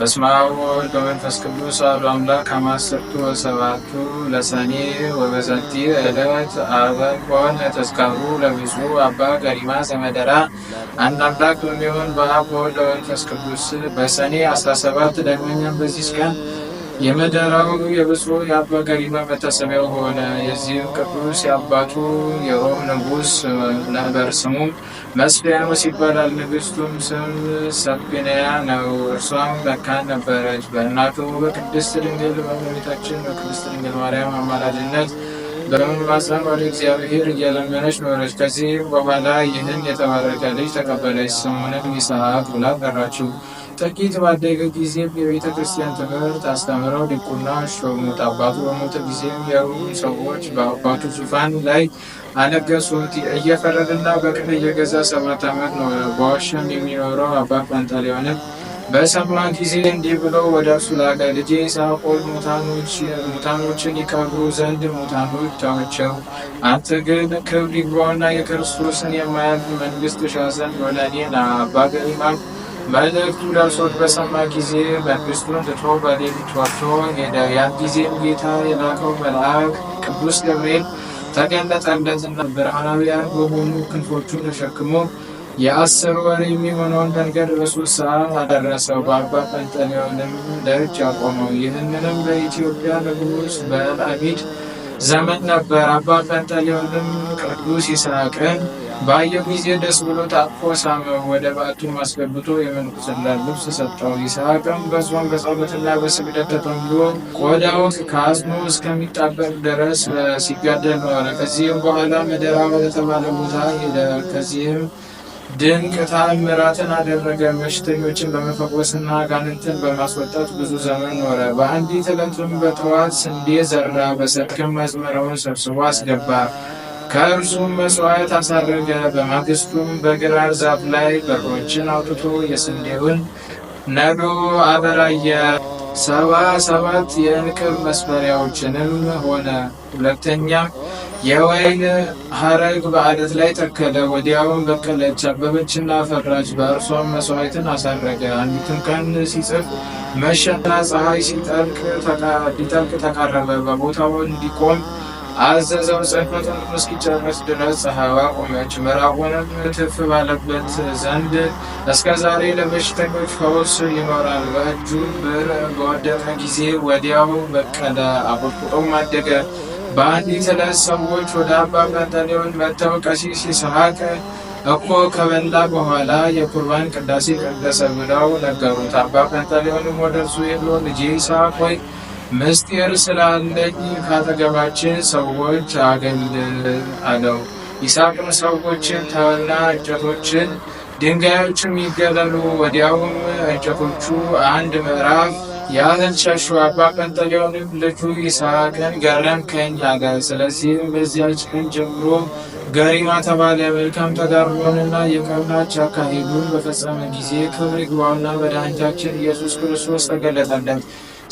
በስመ አብ ወወልድ ወመንፈስ ቅዱስ አሐዱ አምላክ ከመ አስርቱ ወሰባቱ ለሰኔ ወበሰቲ ዕለት አበቆን ተዝካሩ ለብፁዕ አባ ገሪማ ዘመደራ። አንድ አምላክ በሚሆን በአብ ወወልድ ወመንፈስ ቅዱስ በሰኔ 17 ዳግመኛም በዚህ ቀን የመደራው የብፁዕ የአባ ገሪማ መታሰቢያው ሆነ። የዚህ ቅዱስ የአባቱ የሮም ንጉስ ነበር። ስሙም መስፊያኖስ ይባላል። ንግስቱም ስም ሰፊንያ ነው። እርሷም መካን ነበረች። በእናቱ በቅድስት ድንግል በእመቤታችን በቅድስት ድንግል ማርያም አማላጅነት በመማፀን ወደ እግዚአብሔር እየለመነች ኖረች። ከዚህ በኋላ ይህን የተባረከ ልጅ ተቀበለች። ስሙንም ይስሐቅ ብላ ጠራችው። ጥቂት ባደገ ጊዜም የቤተ ክርስቲያን ትምህርት አስተምረው ዲቁና ሾሙት። አባቱ በሞተ ጊዜም የሩ ሰዎች በአባቱ ዙፋን ላይ አነገሱት። እየፈረደና በቅን እየገዛ ሰባት ዓመት ነው። በዋሻም የሚኖረው አባ ጳንጣሊዮንም በሰማ ጊዜ እንዲህ ብሎ ወደ እርሱ ላከ። ልጄ ሳቆል ሙታኖችን ይቀብሩ ዘንድ ሙታኖች ተዋቸው፣ አንተ ግን ክብር ይግባውና የክርስቶስን የማያልፍ መንግስት ሻሰን ዘንድ ወደ እኔ ና። አባ መልእክቱ ደርሶት በሰማ ጊዜ መንግስቱን ትቶ በሌሊት ወጥቶ ሄደ። ያን ጊዜም ጌታ የላከው መልአክ ቅዱስ ገብርኤል ተገለጠለትና ብርሃናዊያን በሆኑ ክንፎቹን ተሸክሞ የአስር ወር የሚሆነውን መንገድ በሶስት ሰዓት አደረሰው። በአባ ጰንጠሌዎንም ደጅ አቆመው። ይህንንም በኢትዮጵያ ንጉሥ በአልዓሚድ ዘመን ነበር። አባ ጰንጠሌዎንም ቅዱስ ይስሐቅን ባየው ጊዜ ደስ ብሎ ታቅፎ ሳመው፣ ወደ ባቱም አስገብቶ የምንኩስና ልብስ ሰጠው። ይስሐቅም በጾም በጸሎትና በስግደት ተጠምዶ ቆዳው ከአጽሙ እስከሚጣበቅ ድረስ ሲጋደል ኖረ። ከዚህም በኋላ መደራ በተባለ ቦታ ሄደ። ከዚህም ድንቅ ታምራትን አደረገ። በሽተኞችን በመፈወስና አጋንንትን በማስወጣት ብዙ ዘመን ኖረ። በአንዲት ዕለትም በጠዋት ስንዴ ዘራ፣ በሰጥክም መዝመረውን ሰብስቦ አስገባ። ከእርሱም መሥዋዕት አሳረገ። በማግስቱም በግራር ዛፍ ላይ በሮችን አውጥቶ የስንዴውን ነዶ አበራየ። ሰባ ሰባት የእንቅብ መስፈሪያዎችንም ሆነ። ሁለተኛም የወይን ሐረግ በአለት ላይ ተከለ። ወዲያውም በቀለች፣ አበበችና አፈራች። በእርሷም መሥዋዕትን አሳረገ። አንዲትም ቀን ሲጽፍ መሸና ፀሐይ ሲጠልቅ ተቃረበ። በቦታው እንዲቆም አዘዘው ጽሕፈቱን እስኪጨርስ ድረስ ፀሐይዋ ቆመች። ምራቁንም ትፍ ባለበት ዘንድ እስከ ዛሬ ለበሽተኞች ፈውስ ይኖራል። በእጁ ብር በወደቀ ጊዜ ወዲያው በቀለ፣ አቆጥቁጦ አደገ። በአንዲት ዕለት ሰዎች ወደ አባ ጰንጠሌዎን መጥተው ቀሲስ ይስሐቅ እኮ ከበላ በኋላ የቁርባን ቅዳሴ ቀደሰ ብለው ነገሩት። አባ ጰንጠሌዎንም ወደ እርሱ ሄዶ ልጄ ይስሐቅ ሆይ ምስጢር ስላለኝ ካጠገባችን ሰዎች አገል አለው። ይስሐቅም ሰዎችን ተወና እንጨቶችን ድንጋዮችም ይገለሉ። ወዲያውም እንጨቶቹ አንድ ምዕራፍ ያህል ሸሹ። አባ ጰንጠሌዎንም ልጁ ይስሐቅን ገረምከኝ አለ። ስለዚህም በዚያች ቀን ጀምሮ ገሪማ ተባለ። መልካም ተጋድሎንና የቀናች አካሄዱን በፈጸመ ጊዜ ክብር ይግባውና መድኃኒታችን ኢየሱስ ክርስቶስ ተገለጠለት።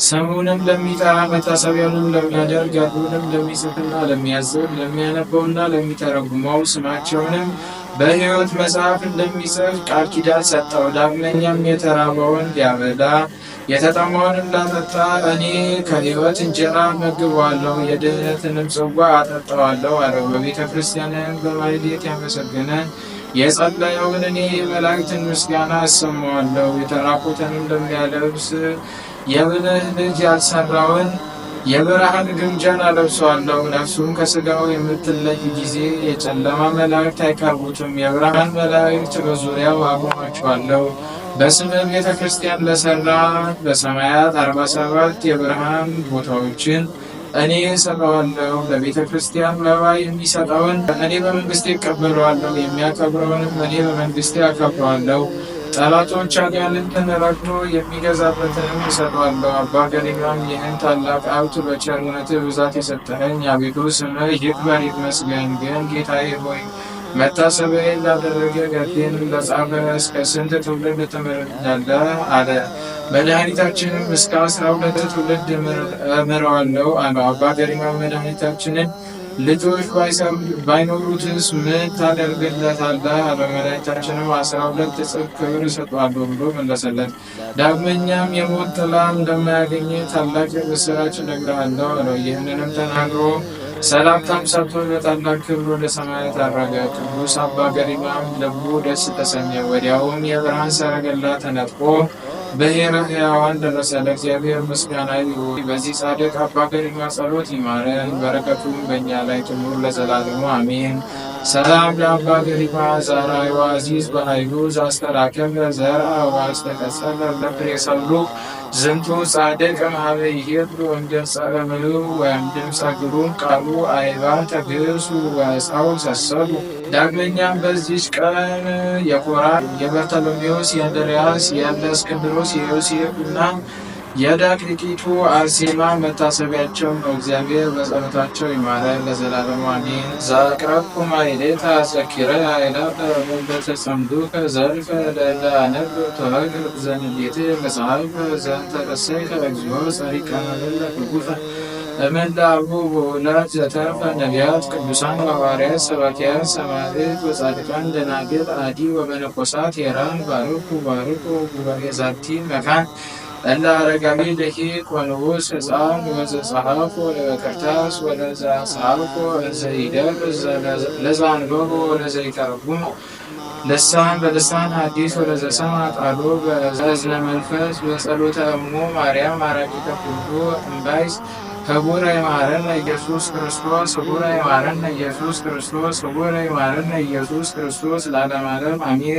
ስሙንም ለሚጠራ መታሰቢያውንም ለሚያደርግ ያሉንም ለሚጽፍና ለሚያዝብ ለሚያነበውና ለሚተረጉመው ስማቸውንም በሕይወት መጽሐፍ እንደሚጽፍ ቃል ኪዳን ሰጠው። ዳግመኛም የተራበውን ሊያበላ የተጠማውን እንዳጠጣ እኔ ከሕይወት እንጀራ መግቧለሁ፣ የድህነትንም ጽዋ አጠጣዋለሁ አለው። በቤተ ክርስቲያንም በማይሌት ያመሰግነን የጸለየውን እኔ መላእክትን ምስጋና አሰማዋለሁ። የተራቁትን እንደሚያለብስ የብልህ ልጅ ያልሰራውን የብርሃን ግምጃን አለብሰዋለሁ። ነፍሱም ከስጋው የምትለይ ጊዜ የጨለማ መላእክት አይቀርቡትም። የብርሃን መላእክት በዙሪያው አቆማቸዋለሁ። በስመ ቤተ ክርስቲያን ለሰራ በሰማያት አርባ ሰባት የብርሃን ቦታዎችን እኔ እሰጠዋለሁ። ለቤተ ክርስቲያን መባ የሚሰጠውን እኔ በመንግስቴ እቀበለዋለሁ። የሚያከብረውንም እኔ በመንግስቴ አከብረዋለሁ። ጠላቶች አጋንንትን ረግሞ የሚገዛበትንም እሰጠዋለሁ። አባ ገሪማም ይህን ታላቅ ሀብት በቸርነት ብዛት የሰጠኸኝ አቤቱ ስምህ ይክበር ይመስገን። ግን ጌታዬ ሆይ መታሰቢያዬን ላደረገ ገድሌንም ለጻፈ እስከ ስንት ትውልድ ትምረኛለህ አለ። መድኃኒታችንም እስከ አስራ ሁለት ትውልድ እምረዋለሁ አለው። አባ ገሪማ መድኃኒታችንን ልጆች ባይኖሩትስ ምን ታደርግለታለህ አለው። መድኃኒታችንም አስራ ሁለት እጥፍ ክብር እሰጠዋለሁ ብሎ መለሰለት። ዳግመኛም የሞት ጥላ እንደማያገኘ ታላቅ የምሥራች እነግርሃለሁ አለው። ይህንንም ተናግሮ ሰላምታም ሰጥቶ ለታላቅ ክብር ለሰማያት ሰማያት ቅዱስ አባ ገሪማም ልቡ ደስ ተሰኘ። ወዲያውም የብርሃን ሰረገላ ተነጥቆ ብሔረ ሕያዋን ደረሰ። ለእግዚአብሔር ምስጋና ይሁን። በዚህ ጻድቅ አባ ገሪማ ጸሎት ይማረን፣ በረከቱም በእኛ ላይ ትኑር ለዘላለሙ አሜን። ሰላም ለአባተ ሪማዛራዊ ዋዚዝ በኃይሉ ዛስተራከበ ዘርአ ዋስተቀጸለ ለፍሬ ሰብሉ ዝንቱ ጻድቅ ሀበ ይሄብሩ እምድምፀ በምልኡ ወእምድምፀ ግሩም ቃሉ አይባተ ተግሱ ወእፀው ሰሰሉ። ዳግመኛም በዚች ቀን የኮራ የበርተሎሜዎስ፣ የአንድሪያስ፣ የእስክንድሮስ፣ የዮሴፍ እና የዳክሊቂቱ አርሴማ መታሰቢያቸው ነው። እግዚአብሔር በጸሎታቸው ይማረን ለዘላለሙ አሜን። ዛቅረብኩ ማይሌታ ዘኪረ አይላ በረቡ በተጸምዱከ ዘርፈ ለለ አነብ ተበግር ዘንዴት መጽሐፈ ዘንተረሰይከ እግዚኦ ጸሪቀ መበለ ክጉፈ ለመላ አቡ ዘተርፈ ነቢያት ቅዱሳን ሐዋርያት ሰባኪያን ሰማዕታት ወጻድቃን ደናግል አዲ ወመነኮሳት የራን ባርኩ ባርኩ ጉባኤ ዛቲ መካን እንደ አረጋዊ ደቂቅ ወንዑስ ሕፃን ወዘጸሐፎ ለበከርታስ ወለዘአጽሐፎ ወዘኢደር ለዘአንበቦ ወለዘይተረጉም ልሳን በልሳን ሐዲስ ወለዘሰምዐ ቃሎ በእዝነ መንፈስ በጸሎተ እሙ ማርያም አራቂተ ኩሉ እምባይስ ህቡረ ይማረነ ኢየሱስ ክርስቶስ ህቡረ ይማረነ ኢየሱስ ክርስቶስ ህቡረ ይማረነ ኢየሱስ ክርስቶስ ለዓለመ ዓለም አሜን።